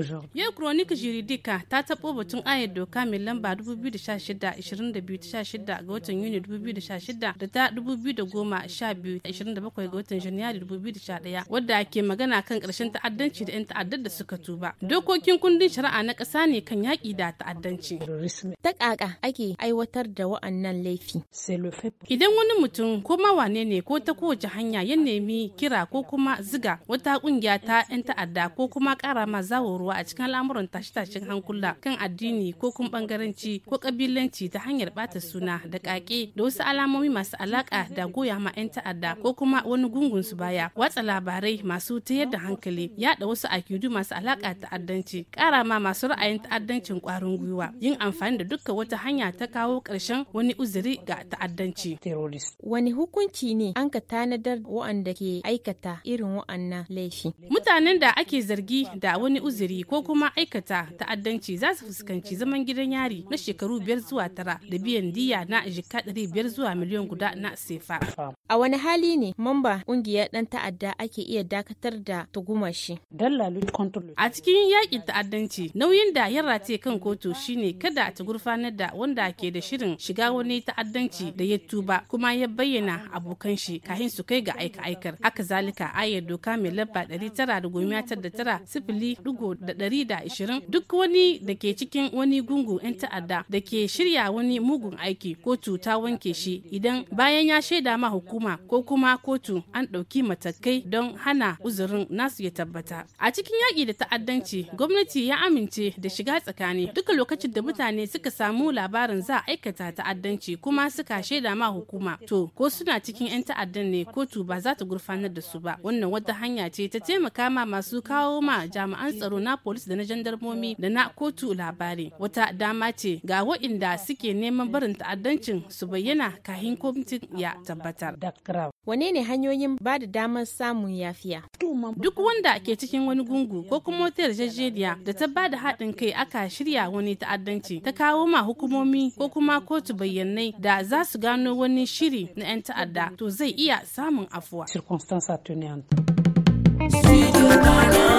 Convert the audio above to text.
aujourd'hui. Yau Kronika Juridika ta tabo batun ayar doka mai lamba 2016 22 ga watan Yuni 2016 da ta 2010 27 ga watan Janairu 2011 wadda ke magana kan ƙarshen ta'addanci da 'yan ta'addar da suka tuba. Dokokin kundin shari'a na ƙasa ne kan yaƙi da ta'addanci. Ta ƙaƙa ake aiwatar da wa'annan laifi. Idan wani mutum ko ma wane ne ko ta kowace hanya ya nemi kira ko kuma ziga wata ƙungiya ta 'yan ta'adda ko kuma ƙara ma zawo ruwa karuwa a cikin al'amuran tashe-tashen hankula kan addini ko kuma bangaranci ko kabilanci ta hanyar bata suna da kake da wasu alamomi masu alaka da goya ma 'yan ta'adda ko kuma wani gungun su baya watsa labarai masu ta yadda hankali yada wasu akidu masu alaka ta'addanci kara ma masu ra'ayin ta'addancin kwarin gwiwa yin amfani da dukkan wata hanya ta kawo ƙarshen wani uzuri ga ta'addanci wani hukunci ne an ka tanadar wa'anda ke aikata irin wa'annan laifi mutanen da ake zargi da wani uzuri ko kuma aikata ta'addanci za su fuskanci zaman gidan yari na shekaru biyar zuwa tara da biyan diya na jika ɗari biyar zuwa miliyan guda na sefa. A wani hali ne mamba ƙungiyar ɗan ta'adda ake iya dakatar da tugumar shi. A cikin yakin ta'addanci nauyin da ya rataye kan kotu shine kada ta gurfanar da wanda ke da shirin shiga wani ta'addanci da ya tuba kuma ya bayyana abokan shi kafin su kai ga aika-aikar. Haka zalika ayar doka mai labba ɗari tara da goma tara sifili dugo da ɗari da ashirin duk wani da ke cikin wani gungu 'yan ta'adda da ke shirya wani mugun aiki kotu ta wanke shi idan bayan ya shaida ma hukuma ko kuma kotu an ɗauki matakai don hana uzurin nasu ya tabbata a cikin yaƙi da ta'addanci gwamnati ya amince da shiga tsakani duka lokacin da mutane suka samu labarin za aikata ta'addanci kuma suka shaida ma hukuma to ko suna cikin 'yan ta'addan ne kotu ba za ta gurfanar da su ba wannan wata hanya ce ta taimaka ma masu kawo ma jami'an tsaro na na polis da na jandarmomi da na kotu labari wata dama ce ga waɗanda suke neman barin ta'addancin su bayyana kahin kwamitin ya tabbatar. Wane ne hanyoyin ba da damar samun yafiya? Duk wanda ke cikin wani gungu ko kuma wata yarjejeniya da ta ba da haɗin kai aka shirya wani ta'addanci ta kawo ma hukumomi ko kuma kotu bayyanai da za su gano wani shiri na 'yan ta'adda to zai iya samun afuwa. Studio Ghana.